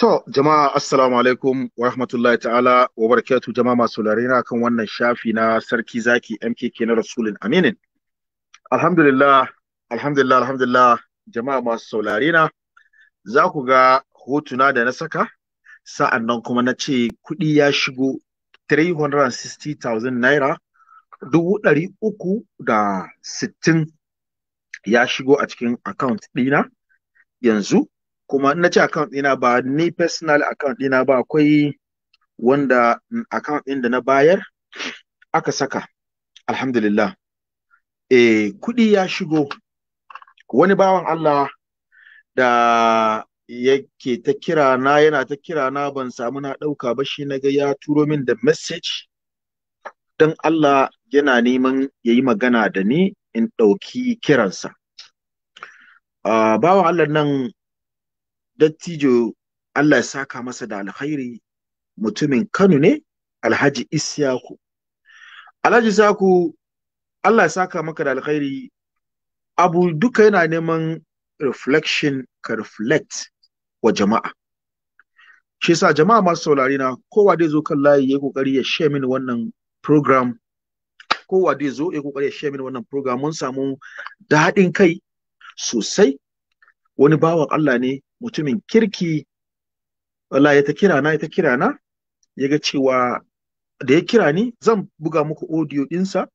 To, jama'a assalamu alaikum wa rahmatullahi ta'ala wa barakatuh jama'a masu larina kan wannan shafi na sarki zaki MKK na Rasulun Aminin. Alhamdulillah, alhamdulillah, alhamdulillah jama'a masu saularina za ku ga hotuna da na saka sa'an nan kuma na ce kuɗi ya shigo 360,000 naira dubu ɗari uku da sittin ya shigo a cikin account ɗina yanzu kuma na ce account ɗina ba ni personal account ɗina ba akwai wanda account ɗin da na bayar aka saka alhamdulillah eh kuɗi ya shigo wani bawan Allah da yake ta kira na yana ta kira na ban samu na ɗauka ba shi na ga ya turo min da message don Allah yana neman ya yi magana da ni in ɗauki kiransa. Uh, bawan Allah nan dattijo Allah ya saka masa da alkhairi mutumin Kano ne Alhaji Isyaku Alhaji Saku Allah ya saka maka da alkhairi abu duka yana neman reflection ka reflect wa jama'a shi sa jama'a masu saurari na kowa dai zo kan layi ya kokari ya share mini wannan program kowa dai zo ya kokari ya share mini wannan program mun samu daɗin kai sosai wani bawan Allah ne mutumin kirki wallahi ya ta kira na ya ta kira na ya ga cewa da ya kira ni zan buga muku audio ɗinsa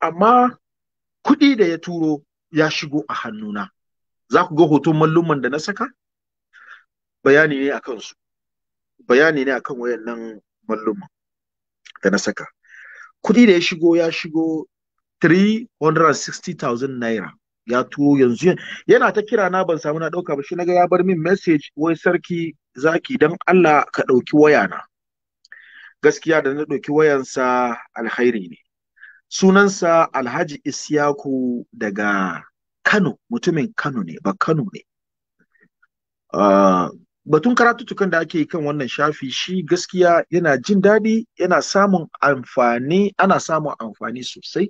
amma kuɗi da ya turo ya shigo a hannuna za ku ga hoton mallumman da na saka bayani ne a kansu bayani ne akan wayannan mallumman da na saka kuɗi da ya shigo ya shigo 360,000 naira ya tuwo yanzu yana ta kira na ban samu na ɗauka ba shi naga ya bar min message wai sarki zaki dan Allah ka ɗauki wayana. gaskiya da na ɗauki wayansa alkhairi ne sunansa alhaji isyaku daga kano mutumin kano ne ba kano ne uh, batun karatutukan da ake yi kan wannan shafi shi gaskiya yana jin daɗi yana samun amfani ana samun amfani sosai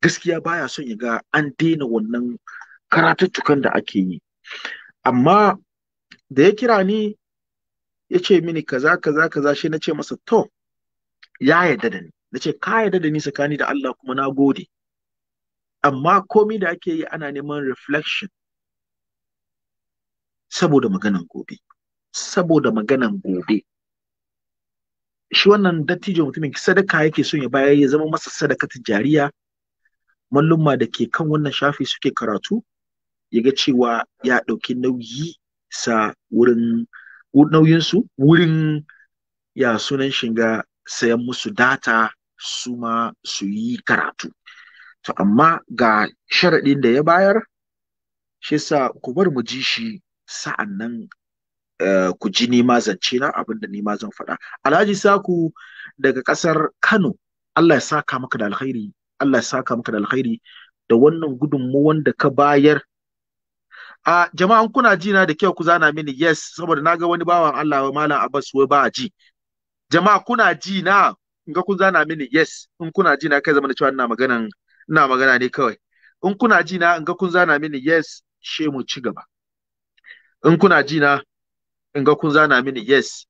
gaskiya baya son ya ga an daina wannan karatuttukan da ake yi amma da ya kira ni ya ce mini kaza kaza kaza shi na ce masa to ya yarda da ni na ce ka yarda da ni tsakani da Allah kuma na gode amma komi da ake yi ana neman reflection saboda maganan gobe saboda maganan gobe shi wannan dattijo mutumin sadaka yake son ya bayar ya zama masa sadaka jariya mallumma da ke kan wannan shafi suke karatu ya ga cewa ya ɗauki nauyi sa wurin nauyinsu wurin ya sunan shiga sayan musu data su ma su yi karatu to amma ga sharaɗin da ya bayar shi sa ku bar mu ji shi sa'an nan eh, ku ji ni ma zance na abin da ni ma zan faɗa alhaji saku daga ƙasar kano allah ya saka maka da alkhairi Allah ya saka maka da alkhairi da wannan gudunmuwan da ka bayar a jama'an kuna ji na da kyau ku zana mini yes saboda naga wani bawan Allah malam Abbas wai ba ji jama'a kuna ji na in ga kun zana mini yes in kuna ji na kai zama da cewa ina magana ina magana ne kawai in kuna ji na in ga kun zana mini yes she mu ci gaba in kuna ji na in ga kun zana mini yes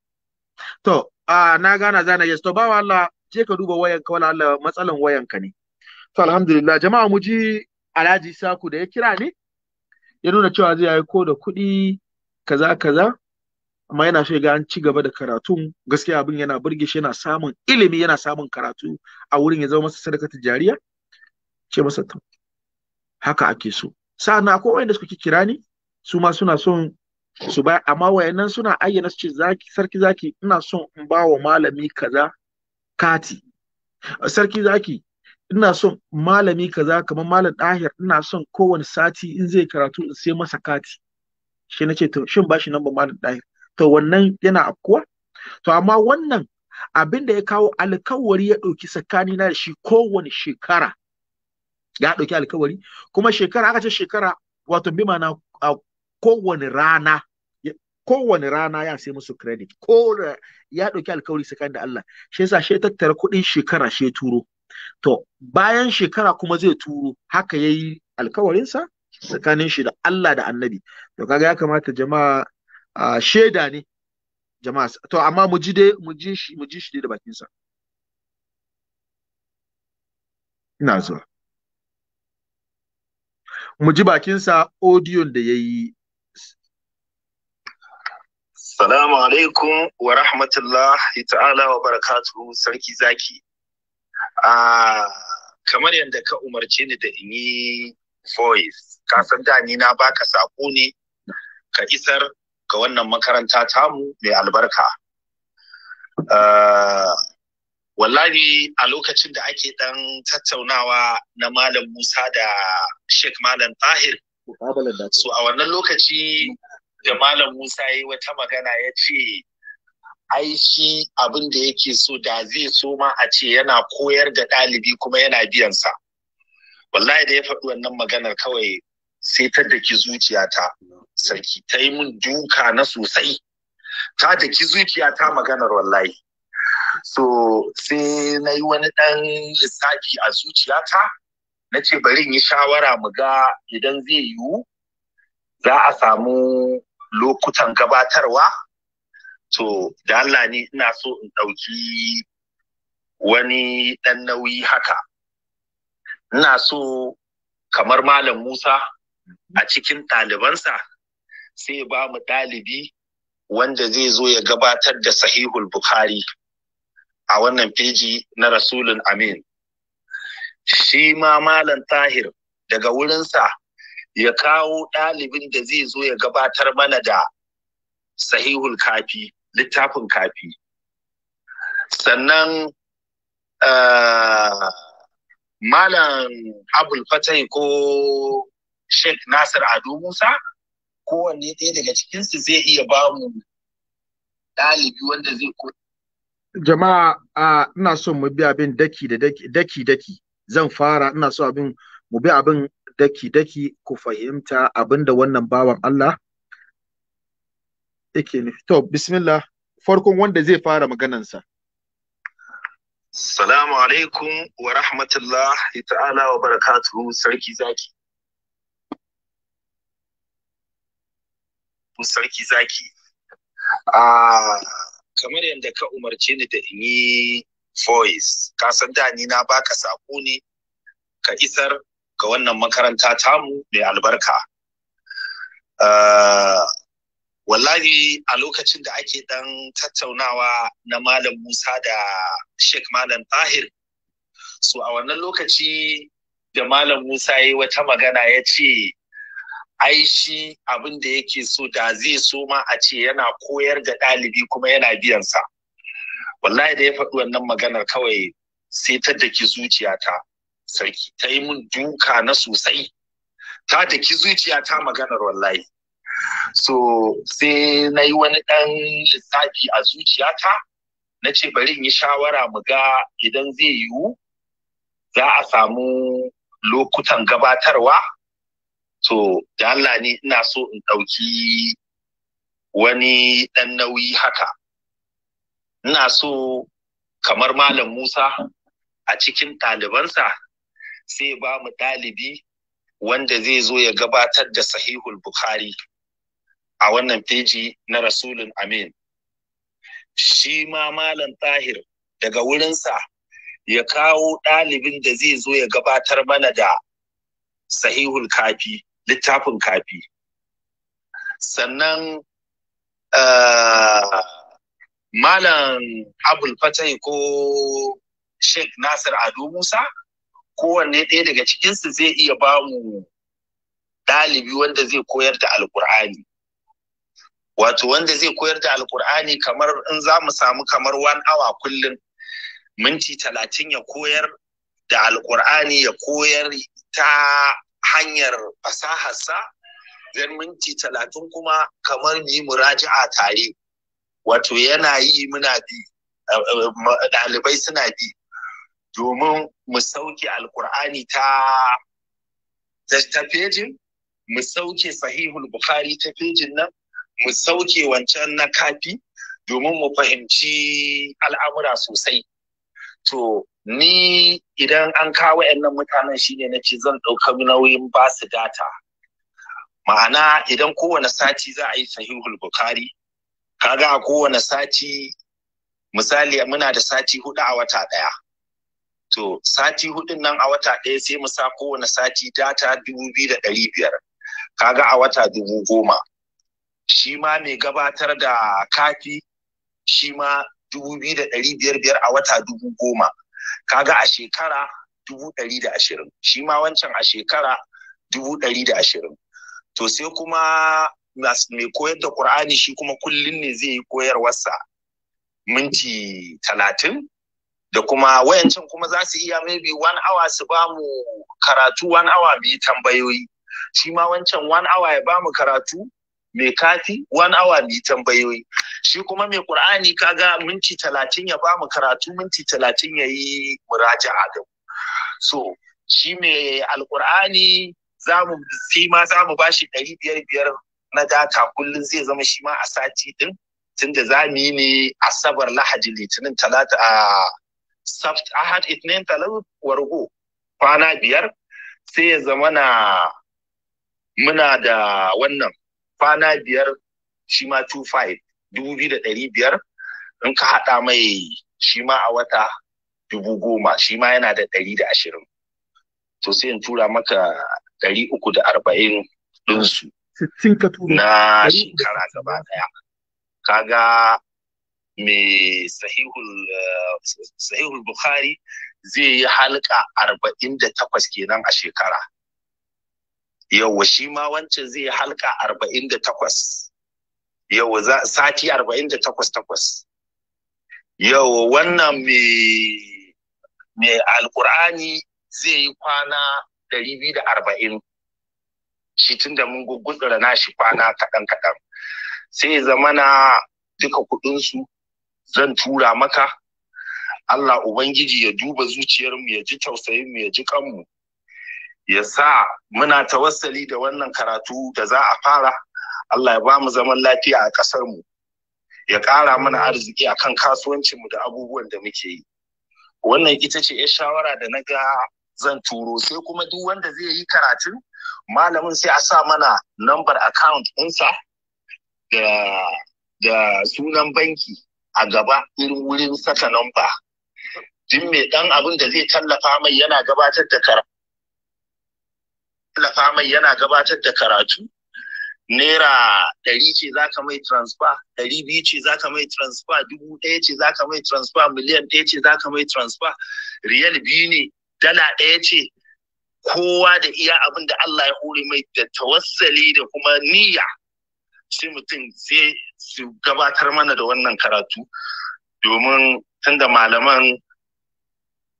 to a na gana zana yes to bawan Allah je ka duba wayanka wala Allah matsalan wayanka ne to alhamdulillah jama'a mu ji alhaji saku da ya kira ni. ya nuna cewa zai yi ko da kuɗi kaza kaza amma yana so ga an ci gaba da karatu gaskiya abin yana burge shi yana samun ilimi yana samun karatu a wurin ya zama masa sadakata jariya ce masa to haka ake so na akwai wanda suka kira ni su ma suna son su ba amma wayannan suna ayyana su ce zaki sarki zaki ina son in ba wa malami kaza kati sarki zaki ina son malami kaza kamar malam ɗahir ina son kowane sati in zai karatu in sai masa kati shi na ce to shin bashi nan ba malam ɗahir to wannan yana afkuwa to amma wannan abin da ya kawo alkawari ya ɗauki tsakani na da shi kowane shekara ya ɗauki alkawari kuma shekara aka ce shekara wato bi mana kowane rana kowane rana ya sai musu credit ko ya ɗauki alkawari tsakani da Allah shi yasa shi tattara kuɗin shekara shi turo to bayan shekara kuma zai turo haka yayi alkawarinsa tsakanin shi da Allah da annabi to kaga ya kamata jama'a uh, shaida ne jama'a to amma mu ji dai mu ji shi mu ji shi da bakinsa ina zuwa mu ji bakinsa odiyon da ya yi. Salamu alaikum wa rahmatullahi ta'ala wa barakatuhu sarki zaki. Ah, kamar yadda ka umarce ni da in yi voice ka san da ni na baka sako ne ka isar ga wannan makaranta tamu mai albarka ah, wallahi a lokacin da ake dan tattaunawa na malam musa da sheikh malam tahir su a wannan lokaci da malam musa ya yi wata magana ya ce ai shi abin da yake so da zai so ma a ce yana koyar da ɗalibi kuma yana biyan sa wallahi da ya faɗi wannan maganar kawai sai ta daki zuciyata sarki ta yi min duka na sosai ta daki zuciyata maganar wallahi so sai na yi wani ɗan lissafi a zuciyata na ce bari yi shawara mu ga idan zai yiwu za a samu lokutan gabatarwa to da Allah ne ina so in ɗauki wani ɗan nauyi haka ina so kamar malam Musa a cikin ɗalibansa sai ba mu ɗalibi wanda zai zo ya gabatar da sahihul Bukhari a wannan feji na Rasulun Amin. Shi ma Malam Tahir daga wurinsa ya kawo ɗalibin da zai zo ya gabatar mana da sahihul kafi littafin kafi sannan ah, malam abul fatai ko sheikh nasir ado musa kowanne ɗaya daga cikinsu zai iya ba mu ɗalibi wanda zai ko jama'a a ina so mu bi abin daki da daki daki zan fara ina so abin mu bi abin daki daki ku fahimta abin da wannan bawan Allah yake nufi to bismillah farkon wanda zai fara maganansa Salamu alaikum wa rahmatullahi ta'ala wa barakatuhu sarki zaki. Sarki zaki. Ah, kamar yadda ka umarce ni da in yi voice, ka san da ni na baka saƙo ne ka isar ga wannan makaranta tamu mai albarka. Ah, wallahi a lokacin da ake dan tattaunawa na malam musa da sheikh malam tahir so a wannan lokaci da malam musa ya yi wata magana ya ce ai abin da yake so da zai so ma a ce yana koyar da ɗalibi kuma yana biyansa wallahi da ya faɗi wannan maganar kawai sai ta daki zuciyata sarki ta yi min duka na sosai ta daki zuciyata maganar wallahi so sai na yi wani ɗan lissafi a zuciyata na ce bari in yi shawara mu ga idan zai yiwu za a samu lokutan gabatarwa to da Allah ne ina so in ɗauki wani ɗan nauyi haka ina so kamar malam Musa a cikin ɗalibansa sai ba mu ɗalibi wanda zai zo ya gabatar da sahihul Bukhari a wannan feji na rasulun amin shi ma malam tahir daga wurinsa ya kawo ɗalibin da zai zo ya gabatar mana da sahihul kafi littafin kafi sannan eh, malam abul fatai ko sheikh nasir ado musa kowanne ɗaya daga cikinsu zai iya ba mu ɗalibi wanda zai koyar da alkur'ani wato wanda zai koyar da alkur'ani kamar in za mu samu kamar one hour kullum minti talatin ya koyar da alkur'ani ya koyar ta hanyar fasaharsa zan minti talatin kuma kamar mu yi muraja'a tare wato yana yi muna bi ɗalibai suna bi domin mu sauke alkur'ani ta ta fejin mu sauke sahihul bukhari ta fejin nan mu sauke wancan na kafi domin mu fahimci al'amura sosai to ni idan an kawo nan mutanen shine na ce zan ɗauka nauyin ba su data ma'ana idan kowane sati za a yi sahihul bukari kaga a kowane sati misali muna da sati hudu a wata ɗaya to sati hudun nan a wata ɗaya sai mu sa kowane sati data dubu biyu da ɗari biyar kaga a wata dubu goma shi ma mai gabatar da kafi shi ma dubu biyu da ɗari biyar biyar a wata dubu goma kaga a shekara dubu ɗari da ashirin shi ma wancan a shekara dubu ɗari da ashirin to sai kuma mai koyar da ƙur'ani shi kuma kullum ne zai yi koyarwarsa minti talatin da kuma wayancan kuma za su iya maybe one hour su ba mu karatu one hour mu tambayoyi shi ma wancan one hour ya ba mu karatu mai kafi one hour mai tambayoyi shi kuma mai qur'ani kaga minti talatin ya bamu karatu minti talatin ya yi muraja adam so shi mai alqur'ani za mu ma za mu bashi ɗari biyar biyar na data kullum zai zama shi ma a sati ɗin tunda za mu yi ne asabar lahadi litinin talata a saft ahad itinin talau wargo kwana biyar sai ya zama na muna da wannan kwana biyar shi ma 25 da ɗari biyar in ka haɗa mai shi ma a wata dubu goma shi ma yana da ɗari da ashirin to sai in tura maka ɗari uku da arba'in ɗinsu na shekara gaba ɗaya kaga mai eh, sahihul bukhari zai yi halka arba'in da takwas kenan a shekara yau shi ma wancan zai halka arba'in da takwas sati arba'in da takwas takwas yau wannan mai alkur'ani zai yi kwana ɗari biyu da arba'in shi tun da mun gugutsura na shi kwana kaɗan kaɗan sai zamana duka kuɗinsu zan tura maka Allah Ubangiji ya duba zuciyarmu ya ji tausayinmu ya ji kanmu ya sa muna tawassali da wannan karatu da za a fara Allah ya ba mu zaman lafiya a ƙasar mu ya ƙara mana arziki akan kasuwancin mu da abubuwan da muke yi wannan ita ce ya shawara da na ga zan turo sai kuma duk wanda zai yi karatun malamin sai a sa mana number account ɗinsa da da sunan banki a gaba irin wurin saka number duk mai ɗan abin da zai tallafa mai yana gabatar da karatu tallafa mai yana gabatar da karatu naira ɗari ce za ka mai transfer ɗari biyu ce za ka mai transfer dubu ɗaya ce za ka mai transfer miliyan ɗaya ce za ka mai transfer riyal biyu ne dala ɗaya ce kowa da iya abin da Allah ya hori mai da tawassali da kuma niyya sai mutum sai su gabatar mana da wannan karatu domin tunda malaman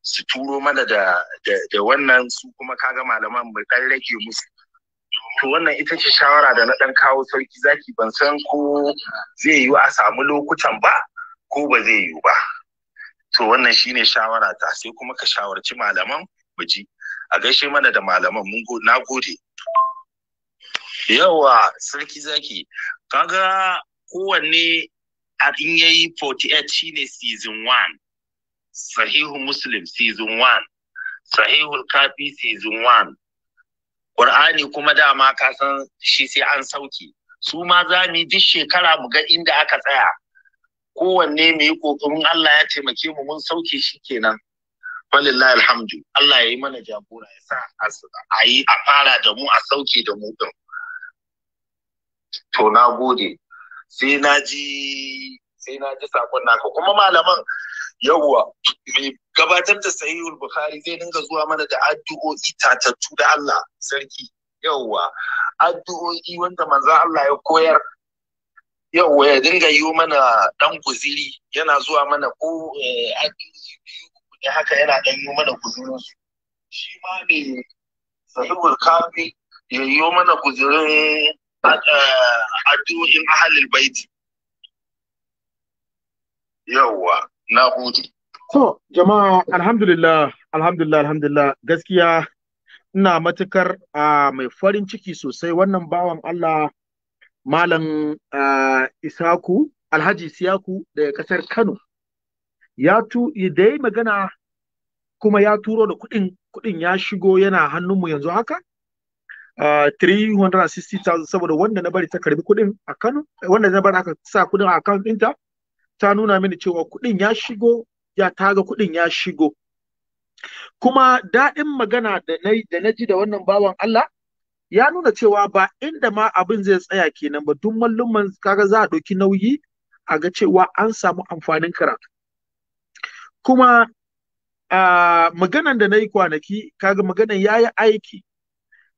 su turo mana da da wannan su kuma kaga malaman mu dan rage musu to wannan ita ce shawara da na dan kawo sarki zaki ban san ko zai yiwu a samu lokutan ba ko ba zai yiwu ba to wannan shine shawara ta sai kuma ka shawarci malaman mu a gaishe mana da malaman mun na gode yawa sarki zaki kaga kowanne a in yayi 48 shine season 1 Sahihu Muslim season 1, Sahihul Kafi season 1. Qur'ani kuma dama ka san shi sai an sauki. Su ma za mu yi duk shekara mu ga inda aka tsaya. Kowanne mu yi ƙoƙarin Allah ya taimake mu mun sauke shi kenan. Walillahi alhamdu. Allah ya yi mana jagora ya sa a yi a fara da mu a sauke da mu ɗin. To na gode. Sai na ji sai na ji sakon naka kuma malaman yawwa mai gabatar da sahihul bukhari zai dinga zuwa mana da addu'o'i tatattu da Allah sarki yawwa addu'o'i wanda manzo Allah ya koyar yawwa ya dinga yi mana dan guziri yana zuwa mana ko eh, addu'o'i biyu haka yana dan yi mana guzirin su shi ma ne sahihul kafi ya yi mana guzirin eh, addu'o'in ahlul baiti yawwa na gode so jama'a alhamdulillah alhamdulillah alhamdulillah gaskiya ina matukar uh, mai farin ciki sosai wannan bawan Allah malam uh, Isaku Alhaji Siyaku daga kasar Kano ya tu da yi magana kuma ya turo da kuɗin kuɗin ya shigo yana hannunmu yanzu haka uh, 360,000 saboda wanda na bari ta karbi kuɗin a Kano wanda na bari aka sa kuɗin a account ɗinta ta nuna mini cewa kuɗin ya shigo ya taga kuɗin ya shigo kuma daɗin magana da na ji da wannan bawan Allah ya nuna cewa ba inda ma abin zai tsaya kenan ba duk mallumman kaga za a ɗauki nauyi a ga cewa an samu amfanin karatu kuma uh, maganan da na yi kwanaki kaga maganan ya yi aiki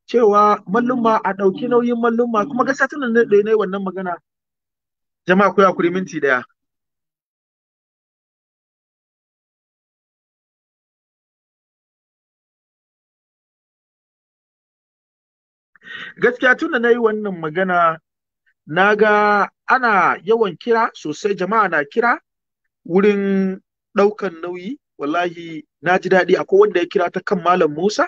cewa mallumma a ɗauki nauyin mallumma kuma gaskiya satin ne na yi wannan magana jama'a ku ya minti daya gaskiya tunda na yi wannan magana na ga ana yawan kira sosai jama'a na kira wurin ɗaukan nauyi wallahi na ji daɗi akwai wanda ya kira ta kan malam musa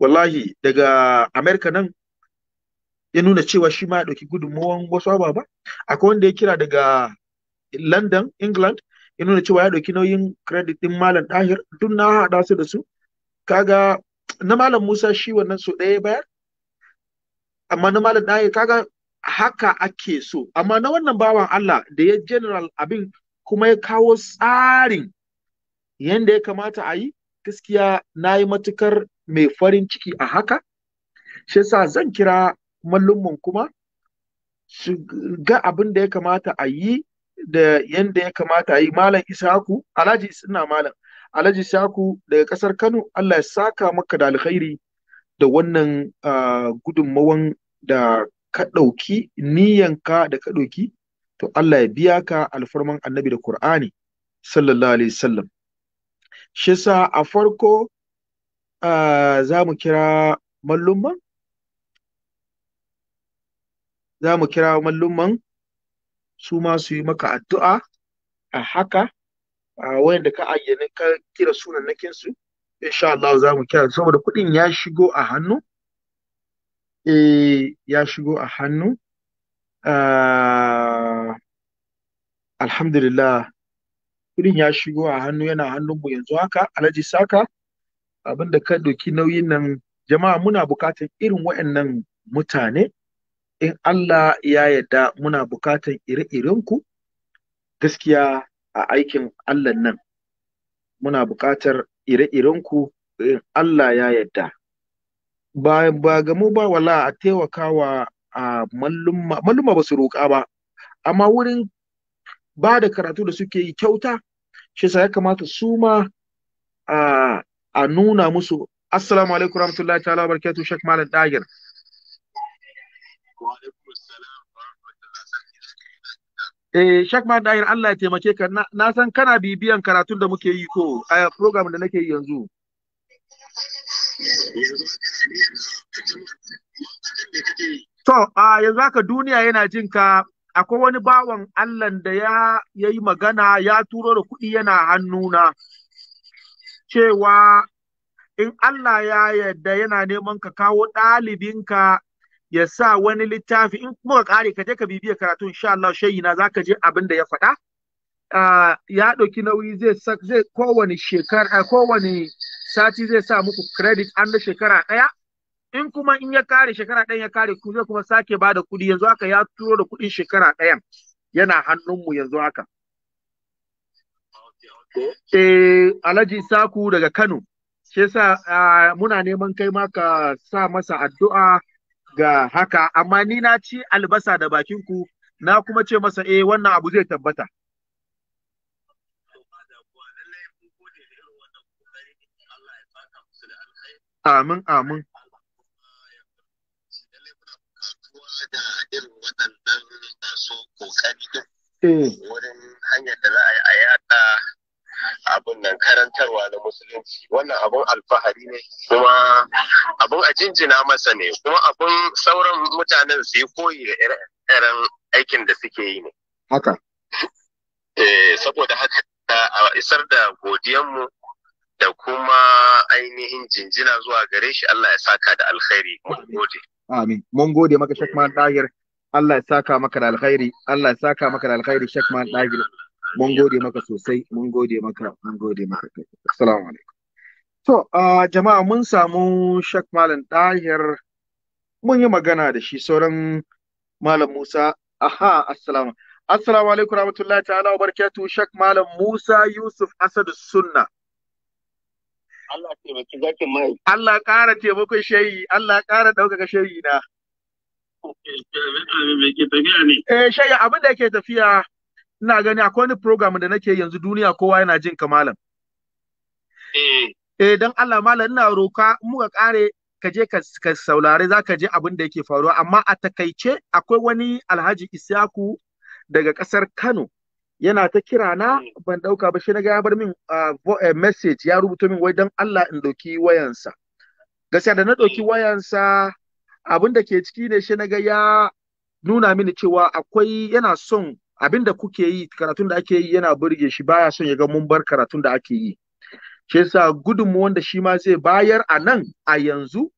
wallahi daga amerika nan ya nuna cewa shi ma ya ɗauki gudunmuwan wasu ababa akwai wanda ya kira daga london england ya nuna cewa ya ɗauki nauyin credit ɗin malam ɗahir duk na haɗa su da su kaga na malam musa shi wannan so ɗaya bayar amma na malam ɗaya kaga haka ake so amma na wannan bawan Allah da ya general abin kuma ya kawo tsarin yanda ya kamata a yi gaskiya na yi matukar mai farin ciki a haka shi sa zan kira mallum'in kuma su ga abin da ya kamata a yi da yanda ya kamata a yi malam isaku alhaji ina malam alhaji isaku daga kasar kano allah ya saka maka da alkhairi da wannan gudunmawan da ka ɗauki niyyanka da ka ɗauki to Allah ya biya ka alfarman annabi da Kur'ani sallallahu alaihi wasallam shi sa a farko za mu kira mallumman za mu kira mallumman su ma su yi maka addu'a a haka a wayanda ka ayyana ka kira sunan nakinsu insha Allah za mu kira saboda kuɗin ya shigo a hannu eh ya shigo a hannu ah, alhamdulillah kuɗin ya shigo a hannu yana hannunmu yanzu haka alhaji saka abinda ka doki nauyin nan jama'a muna buƙatar irin waɗannan mutane in Allah ya yarda muna buƙatar ire-irenku gaskiya a aikin Allah nan muna bukatar ire-irenku in eh, Allah ya yadda. Ba, ba ga ba wala a taimakawa a malluma mallumma ba su roƙa ba, amma wurin ba da karatu da suke yi kyauta, shi ya kamata su ma a nuna musu Assalamu alaikum rahmatullahi ta'ala barkatu Sheikh Malam Dagir. Eh, Shakman da'ir Allah ya taimake ka, na san kana bibiyan karatun da muke yi ko a program da nake yi yanzu. To, a yanzu haka duniya yana jin ka akwai wani bawan Allah da ya yi magana ya turo da kuɗi yana hannuna cewa in Allah ya yarda yana neman ka kawo ɗalibinka ya sa wani littafi in kuma kare ka je ka bibiya karatu insha Allah na zaka je abin da ya faɗa ya ɗauki nauyi zai zai kowane shekara kowane sati zai sa muku credit an da shekara ɗaya in kuma in ya kare shekara ɗayan ya kare ku zai kuma sake ba da kuɗi yanzu haka ya turo da kuɗin shekara ɗayan yana hannunmu yanzu haka. Eh, Alhaji Saku daga Kano, shi yasa muna neman kai maka sa masa addu'a ga haka amma ni na ci albasa da bakinku, na kuma ce masa eh wannan abu zai tabbata Amin, amin. da eh. wurin hanyar da za a yi a yada abin nan karantarwa na musulunci wannan abun alfahari ne kuma abun a jinjina masa ne kuma abun sauran mutanen su yi koyi da irin aikin da suke yi ne haka eh saboda haka a isar da godiyanmu da kuma ainihin jinjina zuwa gare shi Allah ya saka da alkhairi mun gode amin mun gode maka shakman dahir Allah ya saka maka da alkhairi Allah ya saka maka da alkhairi Sheikh Man mun gode maka sosai mun gode maka mun gode maka assalamu alaikum to jama'a mun samu shak malam dahir mun yi magana da shi sauran malam musa aha assalamu assalamu alaikum rahmatullahi ta'ala wa barakatuh shak malam musa yusuf asad sunna Allah taimaki zakin mai Allah ƙara taimakon shayi Allah ƙara ɗaukaka shayi na Eh shayi abin da yake tafiya ina gani akwai wani program da nake yanzu duniya kowa yana jin ka malam eh, eh dan Allah malam ina roka muka kare ka je ka saulare za ka je abin da yake faruwa amma a takaice akwai wani alhaji isyaku daga kasar kano yana ta kira na mm. ban dauka ba shi na ya bar min eh, message ya rubuta min wai dan Allah in doki wayansa gaskiya da na doki mm. wayansa abin da ke ciki ne shi na ga ya nuna mini cewa akwai yana son abin da kuke yi karatun da ake yi yana burge shi baya son ya ga mun bar karatun da ake yi shi yasa gudunmu wanda shi ma zai bayar a nan a yanzu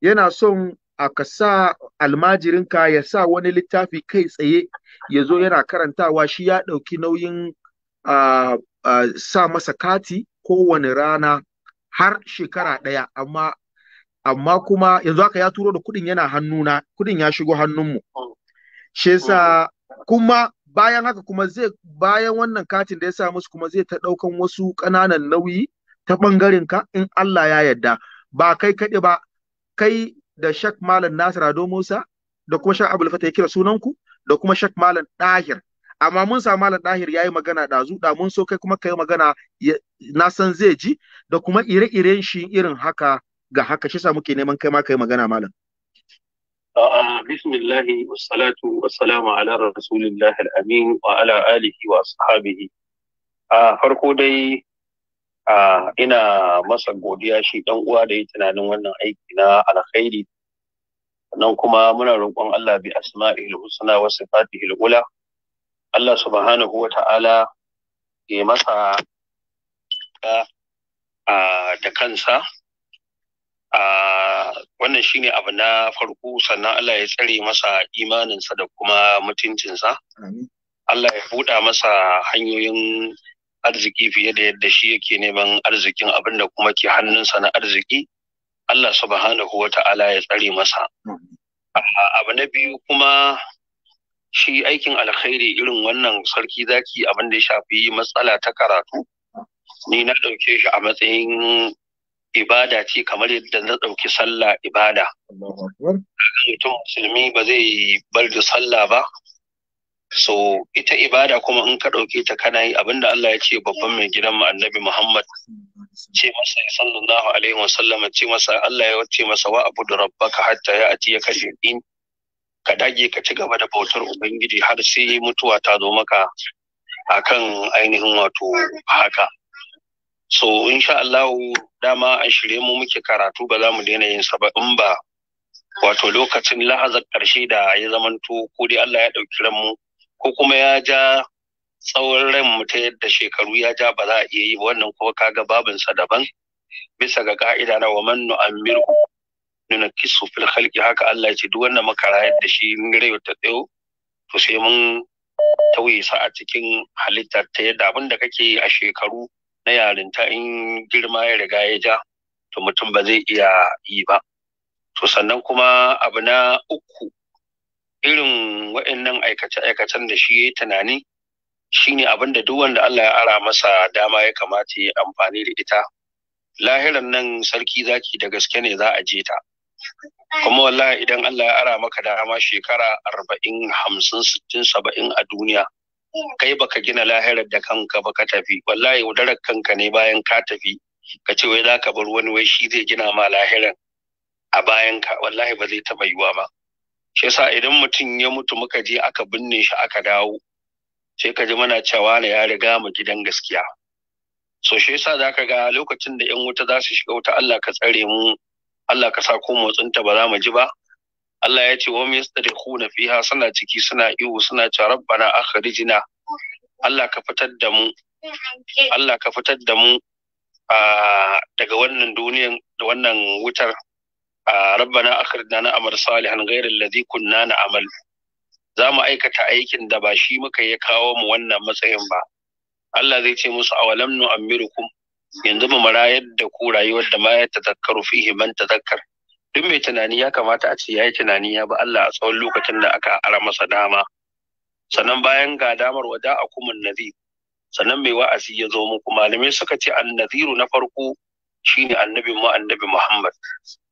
yana son a ka sa almajirinka ya sa wani littafi kai tsaye ya zo yana karantawa shi ya ɗauki nauyin uh, sa masa kati kowane rana har shekara ɗaya amma amma kuma yanzu haka ya turo da kuɗin yana hannuna kuɗin ya shigo hannunmu shi yasa kuma bayan haka kuma zai bayan wannan katin da ya sa musu kuma zai ta ɗaukan wasu ƙananan nauyi ta ɓangaren ka in Allah ya yarda ba kai kaɗe ba kai da shak malam Nasir Ado Musa da kuma shak Abdul Fatah ya kira sunanku da kuma shak malam Dahir amma mun sa malam Dahir yayi magana ɗazu da mun so kai kuma kai magana na san zai ji da kuma ire-iren shi irin haka ga haka shi sa muke neman kai ma kai magana malam بسم الله والصلاة والسلام على رسول الله الأمين وعلى آله وأصحابه farko dai ina masa godiya shi ɗan uwa da ya tunanin wannan aiki na alkhairi nan kuma muna roƙon Allah bi asma'il husna wa sifatihil ula Allah subhanahu wa ta'ala ya masa da kansa wannan shi ne abu na farko sannan Allah ya tsare masa imaninsa da kuma mutuncinsa Allah ya buɗa masa hanyoyin arziki fiye da yadda shi yake neman arzikin abin da kuma ke hannunsa na arziki Allah subhanahu wa ta'ala ya tsare masa abu na biyu kuma shi aikin alkhairi irin wannan sarki zaki abin da ya shafi matsala ta karatu ni na ɗauke shi a matsayin ibada ce kamar yadda na ɗauki sallah ibada. Mutum musulmi ba zai bar da sallah ba. So ita ibada kuma in ka ɗauke ta kana yi abinda Allah ya ce babban mai gidan mu annabi Muhammad ce masa Ya sallallahu alaihi wa sallam ce masa Allah ya ce masa wa abu da rabbaka hatta ya ati ya kashe in ka dage ka ci gaba da bautar ubangiji har sai mutuwa ta zo maka akan ainihin wato haka. so sha Allah dama a shirye mu muke karatu ba za mu daina yin sa ba in ba wato lokacin lahazar karshe da ya zamanto ko dai Allah ya ɗauki mu ko kuma ya ja tsawon ran mu ta yadda shekaru ya ja ba za a iya yi ba wannan kuma kaga babinsa daban bisa ga ka'ida na waman nu'ammirhu nunakkisu fil khalqi haka Allah ya ce duk wannan muka rayar da shi in rayu ta tsayo to sai mun tauye sa a cikin halitta ta yadda abin da kake a shekaru na yarinta in girma ya riga ya ja to mutum ba zai iya yi ba to sannan kuma abu na uku irin wa'annan aikace-aikacen da shi ya tunani shine abin da duk wanda Allah ya ara masa dama ya kamata ya amfani da ita lahiran nan sarki zaki da gaske ne za a je ta kuma wallahi idan Allah ya ara maka dama shekara arba'in hamsin sittin saba'in a duniya kai baka gina lahirar da kanka ba ka tafi wallahi udarar kanka ne bayan ka tafi ka ce wai za bar wani wai shi zai gina ma lahirar a bayan ka wallahi ba zai taɓa yiwa ba shi yasa idan mutum ya mutu muka je aka binne shi aka dawo sai ka ji muna cewa na ya riga mu gidan gaskiya so shi yasa za ka ga lokacin da 'yan wuta za su shiga wuta Allah ka tsare mu Allah ka sa ko motsinta ba za mu ji ba Allah ya ce wa mu yastarikhuna fiha suna ciki suna ihu suna ce rabbana akhrijna Allah ka fitar da mu Allah ka fitar da mu daga wannan duniyar da wannan wutar rabbana akhrijna na amal salihan ghayra alladhi kunna na'mal za mu aikata aikin da ba shi muka ya kawo mu wannan matsayin ba Allah zai ce musu awalam nu amirukum yanzu mu marayar da ku rayuwar da ma ya tazakkaru fihi man tazakkar duk mai tunani ya kamata a ce ya yi tunani ya bi Allah a tsawon lokacin da aka ara masa dama sannan bayan ga damar wada a kumin nazir sannan mai wa'azi ya zo muku malamai suka ce naziru na farko shine annabin mu annabi Muhammad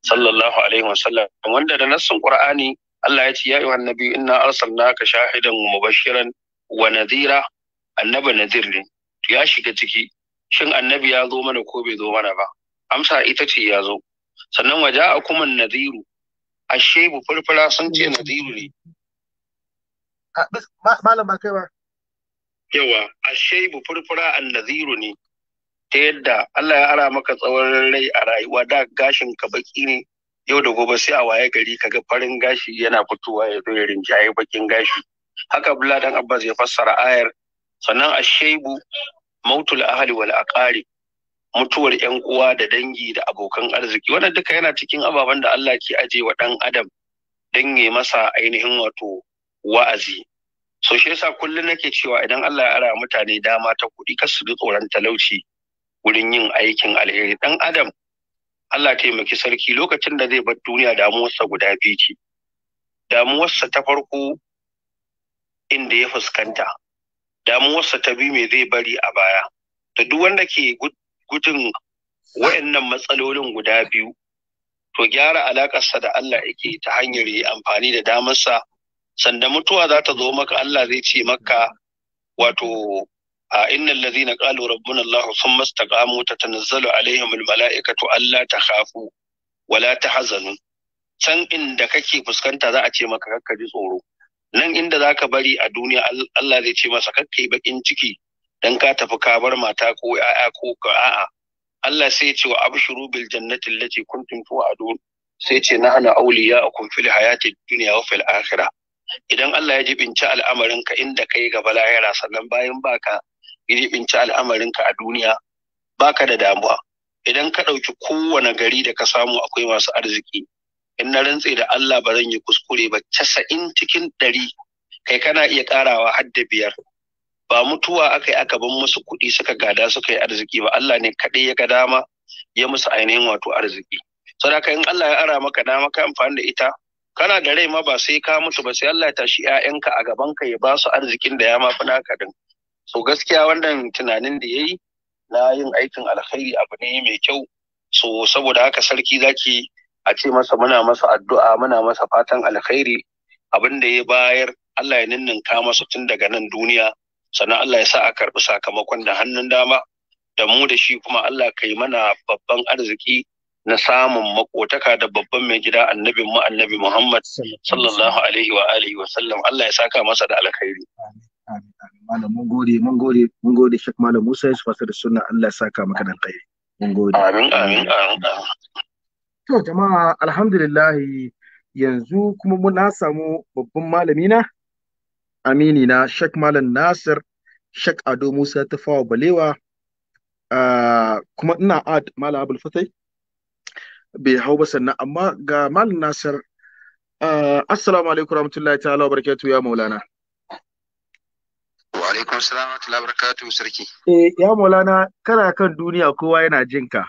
sallallahu alaihi wa sallam wanda da nassin Qur'ani Allah ya ce ya ayyuhan nabi inna arsalnaka shahidan wa mubashiran wa nazira annabi nadhir ne ya shiga ciki shin annabi ya zo mana ko bai zo mana ba amsa ita ce ya zo sannan waje a kuma naziru a shebu furfura sun ce naziru ne malam ba kai ba yawa a shebu an naziru ne ta yadda Allah ya ara maka tsawon rai a rayuwa da gashin ka baki ne yau da gobe sai a waye gari kaga farin gashi yana fitowa ya zo ya rinjaye bakin gashi haka abdullahi dan Abbas ya fassara ayar sannan a shebu mautul ahli wal aqari mutuwar yan uwa da dangi da abokan arziki wanda duka yana cikin ababen da Allah ke aje wa ɗan adam don ya masa ainihin wato wa'azi so shi yasa kullum nake cewa idan Allah ya ara mutane dama ta kuɗi kar su bi tsoron talauci wurin yin aikin alheri Ɗan adam Allah taimaki sarki lokacin da zai bar duniya damuwarsa guda biyu ce damuwarsa ta farko inda ya fuskanta damuwarsa ta biyu me zai bari a baya da duk wanda ke gudun wayannan matsalolin guda biyu to gyara alakarsa da Allah yake ta hanyar yi amfani da damarsa sanda mutuwa za ta zo maka Allah zai ce maka wato a innal ladhina qalu rabbuna Allah thumma ta tatanazzalu alaihim almalaikatu ta khafu wala ta hazanu can inda kake fuskanta za a ce maka kakka ji tsoro nan inda zaka bari a duniya Allah zai ce masa kakka yi bakin ciki dan ka tafi ka bar mata ko ya'ya ko a'a Allah sai ya ce wa abshuru bil jannati allati kuntum tu'adun sai ce na ana auliya a kun fil hayati duniya wa fil akhirah idan Allah ya jibinci al'amarinka inda kai gaba lahira sannan bayan baka ya jibinci al'amarinka a duniya baka da damuwa idan ka ɗauki kowane gari da ka samu akwai masu arziki in na rantse da Allah ba zan yi kuskure ba casa'in cikin ɗari kai kana iya ƙarawa har da biyar ba mutuwa aka yi aka bin musu kuɗi suka gada suka yi arziki ba Allah ne kaɗai ya ga dama ya musu ainihin wato arziki sadaka in Allah ya ara maka dama ka amfani da ita kana da rai ma ba sai ka mutu ba sai Allah ya tashi ƴaƴanka a gaban ka ya ba su arzikin da ya ma fi naka din so gaskiya wannan tunanin da yayi na yin aikin alkhairi abu ne mai kyau so saboda haka sarki zaki a ce masa muna masa addu'a muna masa fatan alkhairi abin da ya bayar Allah ya ninninka masa tun daga nan duniya sannan Allah ya sa a karɓi sakamakon da hannun dama da mu da shi kuma Allah ka yi mana babban arziki na samun makotaka da babban mai gida annabin mu annabi Muhammad sallallahu alaihi wa alihi wa sallam Allah ya saka masa da alkhairi malam mun gode mun gode mun gode Sheikh Malam Musa ya fasa da sunna Allah ya saka maka da alkhairi mun gode amin amin amin to jama'a alhamdulillah yanzu kuma mun na samu babban malami na amini na Sheikh Malam Nasir Sheikh Ado Musa Tafawa Balewa kuma ina ad Malam Abul Fatai bai hau ba sannan amma ga Malam Nasir assalamu alaikum warahmatullahi ta'ala barakatuh ya Maulana wa alaikum salam wa rahmatullahi barakatuh sarki eh ya Maulana kana kan duniya kowa yana jinka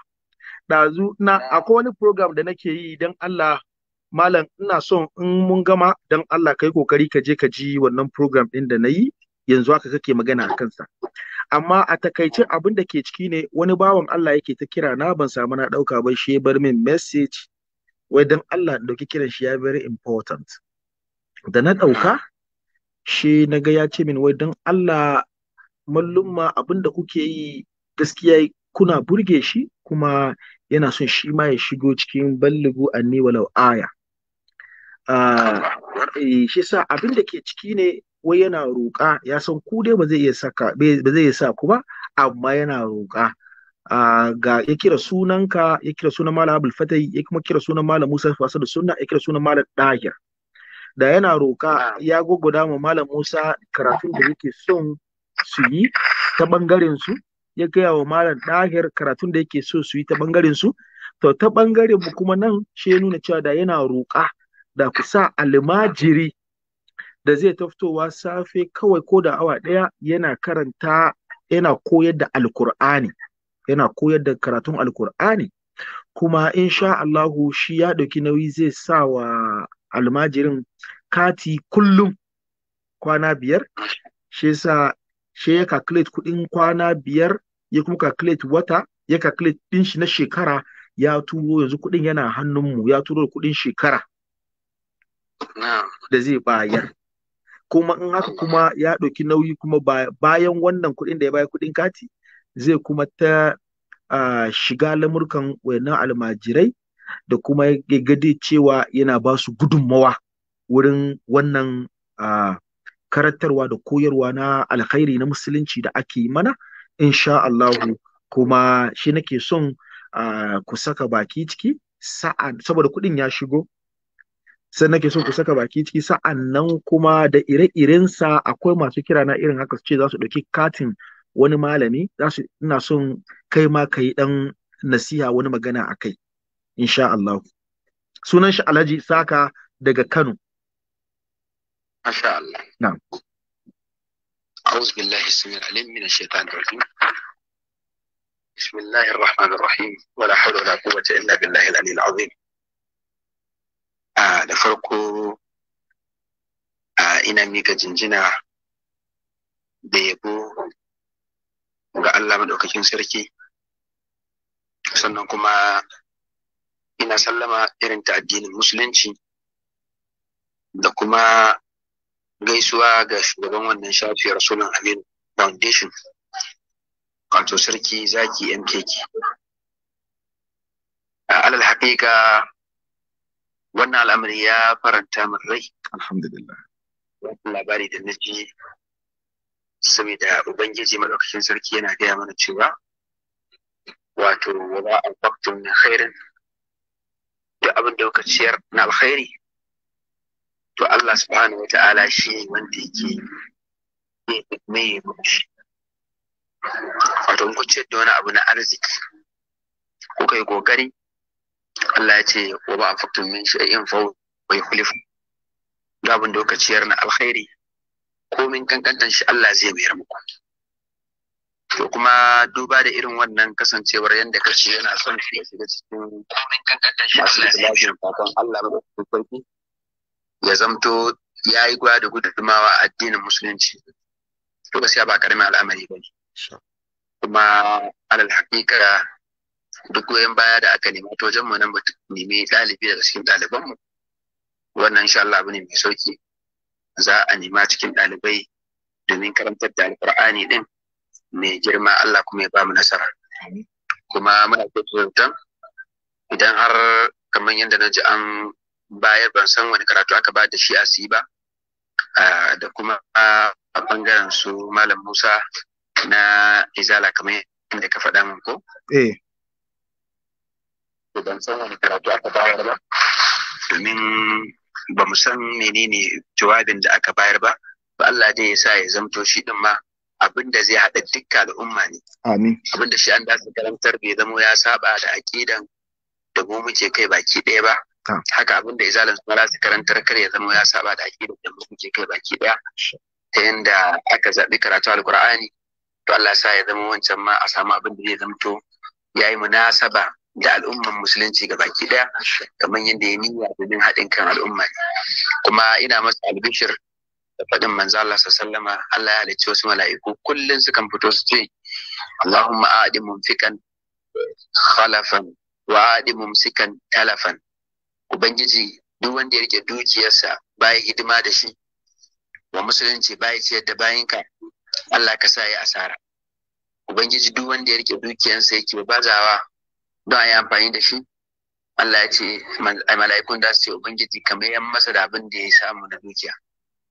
ɗazu na akwai wani program da nake yi don Allah malam ina so in mun gama don Allah kai kokari ka je ka ji wannan program ɗin da na yi yanzu haka kake magana a kansa amma a takaice abin da ke ciki ne wani bawan Allah yake ta kira na ban samu na ɗauka ba shi bar min message wai don Allah ɗauki kiran shi ya very important da na ɗauka shi na ga ya ce min wai don Allah mallumma abin da kuke yi gaskiya kuna burge shi kuma yana son shi ma ya shigo cikin ballugu anni walau aya Ah, eh, shi sa abin da ke ciki ne wai yana roƙa ya san ku dai ba zai iya saka ba zai iya sa ku ba amma yana roƙa ah, ga ya kira sunanka ya kira sunan malam abul fatai ya kuma kira sunan malam musa fasa da sunna ya kira sunan malam dahir da yana roƙa ah. ya gogoda ma malam musa karatun da yake son su yi ta bangaren su ya gaya wa malam dahir karatun da yake so su yi ta bangaren su to ta bangaren mu kuma nan shi ya nuna cewa da yana roƙa da ku sa almajiri da zai taftowa safe kawai ko da awa ɗaya yana karanta yana koyar da alkur'ani yana koyar da karatun alkur'ani kuma insha Allahu shi ya ɗauki nauyi zai sa wa almajirin kati kullum kwana biyar shi sa shi ya calculate kuɗin kwana biyar ya kuma calculate wata ya calculate ɗin shi na shekara ya turo yanzu kuɗin yana hannunmu ya turo kuɗin shekara da zai bayar kuma in haka kuma ya ɗauki nauyi kuma bayan wannan kuɗin da ya bayar kuɗin kati zai kuma ta shiga lamurkan wannan almajirai da kuma ya gade cewa yana ba su gudunmawa wurin wannan karantarwa da koyarwa na alkhairi na musulunci da ake yi mana insha Allahu kuma shi nake son ku saka baki ciki saboda kuɗin ya shigo sai nake so ku saka baki ciki sa'annan kuma da ire-irensa akwai masu kira na irin haka su ce za su ɗauki katin wani malami za su ina son kai ma ka yi ɗan nasiha wani magana a kai insha Allah sunan shi Alhaji Saka daga Kano Masha Allah na'am أعوذ بالله السميع العليم من الشيطان الرجيم بسم الله الرحمن الرحيم ولا حول ولا قوة إلا بالله العلي العظيم a da farko a ina mika jinjina da yabo ga Allah maɗaukakin sarki sannan kuma ina sallama irin ta addinin musulunci da kuma gaisuwa ga shugaban wannan shafiyar rasulun amin foundation wato sarki zaki mkk alal haƙiƙa wannan al'amari ya faranta min rai alhamdulillah wannan labari da na ji saboda ubangiji madaukakin sarki yana gaya mana cewa wato wala anfaqtum min khairin duk abin da kuka ciyar na alkhairi to Allah subhanahu wa ta'ala shi wanda yake yi mai mushi wato in ku ce da wani abu na arziki Ku kai kokari Allah ya ce wa ba a anfaqtum min shay'in fau wa yukhlifu da abin da kuka ciyar na alkhairi komin kankantan shi Allah zai mayar muku to kuma duba da irin wannan kasancewar yadda kace yana son shi ya shiga cikin komin kankantan shi Allah zai mayar muku Allah ba da ya zamto ya yi gwa da gudunmawa a addinin musulunci to gaskiya ba karamin al'amari ba ne kuma alal hakika duk goyon baya da aka nemi ta wajen mu nan nemi ɗalibi daga cikin ɗaliban mu wannan insha Allah abu ne mai sauki za a nema cikin ɗalibai domin karantar da alƙur'ani din mai girma Allah kuma ya ba mu nasara kuma muna da tsoron idan har kamar yadda na ji an bayar ban san wani karatu aka ba da shi a ba da kuma a bangaren su malam musa na izala kamar yadda ka faɗa min ko eh. ban san wani karatu aka bayar ba domin ba mu san menene jawabin da aka bayar ba ba Allah dai ya sa ya zamto shi din ma abin da zai haɗa dukkan al'umma ne amin abin da shi an da karantar bai zamo ya saba da aƙidan da mu muke kai baki ɗaya ba haka abin da izalin suna za su karantar kar ya zama ya saba da aƙidan da muke kai baki ɗaya ta yadda aka zaɓi karatu alkur'ani to Allah sa ya zama wancan ma a samu abin da zai zamto ya yi munasaba da al'umman musulunci ga baki daya kamar yadda ya niyya domin haɗin kan al'umma kuma ina masa albishir da faɗin manzo Allah sallama Allah ya halicci wasu mala'iku kullum sukan fito su ce Allahumma a'di mumfikan khalafan wa a'di mumsikan talafan ubangiji duk wanda ya rike dukiyarsa baya hidima da shi wa musulunci baya ciyar da bayinka Allah ka sa ya asara ubangiji duk wanda ya rike dukiyarsa yake bazawa don a yi amfani da shi Allah ya ce mala'ikun da su ce ubangiji kamar yan masa da abin da ya samu na dukiya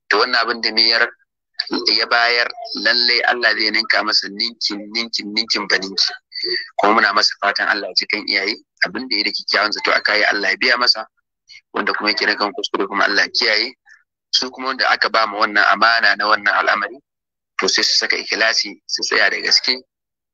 to wannan abin da miyar ya bayar lallai Allah zai ninka masa ninkin ninkin ninkin ba ninki kuma muna masa fatan Allah ya cikin iyaye abin da ya da kyakkyawan zato aka yi Allah ya biya masa wanda kuma yake kan kuskure kuma Allah kiyaye su kuma wanda aka ba mu wannan amana na wannan al'amari to sai su saka ikhlasi su tsaya da gaske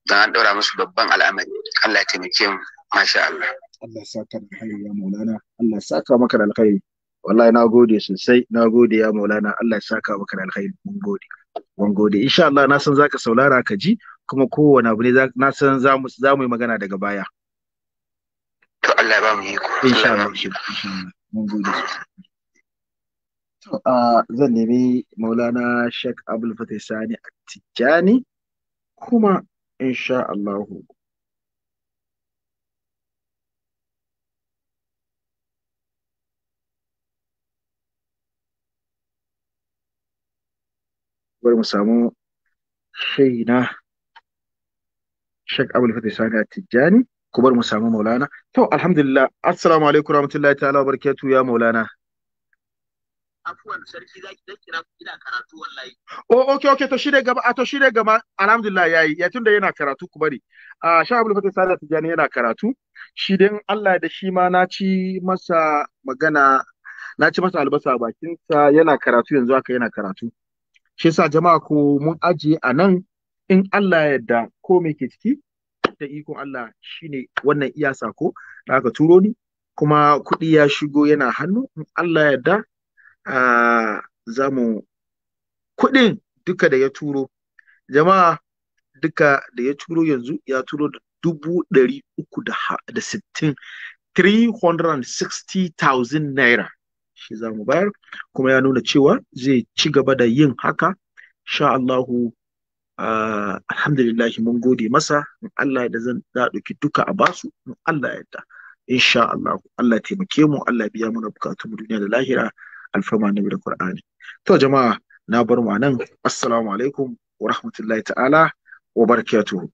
don an ɗaura musu babban al'amari Allah ya taimake mu masha Allah Allah saka da alkhairi ya maulana Allah saka maka da alkhairi wallahi na gode sosai na gode ya maulana Allah ya saka maka da alkhairi mun gode mun gode insha Allah na san zaka saurara ka ji kuma kowane abu ne na san za mu za mu yi magana daga baya to Allah ya ba mu ko insha Allah mun gode to a zan nemi maulana Sheikh Abdul Fatih Sani Tijjani kuma إن شاء الله bari mu samu shaina Sheikh Abdul Fatih Sani Tijjani ku bar mu samu Maulana to alhamdulillah assalamu alaikum warahmatullahi ta'ala wabarakatuh ya Maulana afuwan sarki zaki zan kira ina karatu wallahi oh okay okay to shi gaba to shirye gaba alhamdulillah yayi ya tunda yana karatu ku bari a sha abul fatih sada tijani yana karatu shi dan Allah da shi ma na ci masa magana na ci masa albasa bakin sa yana karatu yanzu haka yana karatu shi yasa jama'a ko mun ajiye a nan in Allah ya yarda ko me ke ciki da ikon Allah shine wannan iya ko da aka turo ni kuma kuɗi ya shigo yana hannu in Allah ya yarda za mu kuɗin duka da ya turo jama'a duka da ya turo yanzu ya turo da dubu ɗari uku da sittin 360,000 naira shi za mu bayar kuma ya nuna cewa zai ci gaba da yin haka sha Allahu uh, alhamdulillahi mun gode masa in Allah da zan da ɗauki duka a basu in Allah ya da insha Allah Allah taimake mu Allah biya mana bukatun duniya da lahira alfarma na da Qur'ani to jama'a na bar mu nan assalamu alaikum wa rahmatullahi ta'ala wa barakatuhu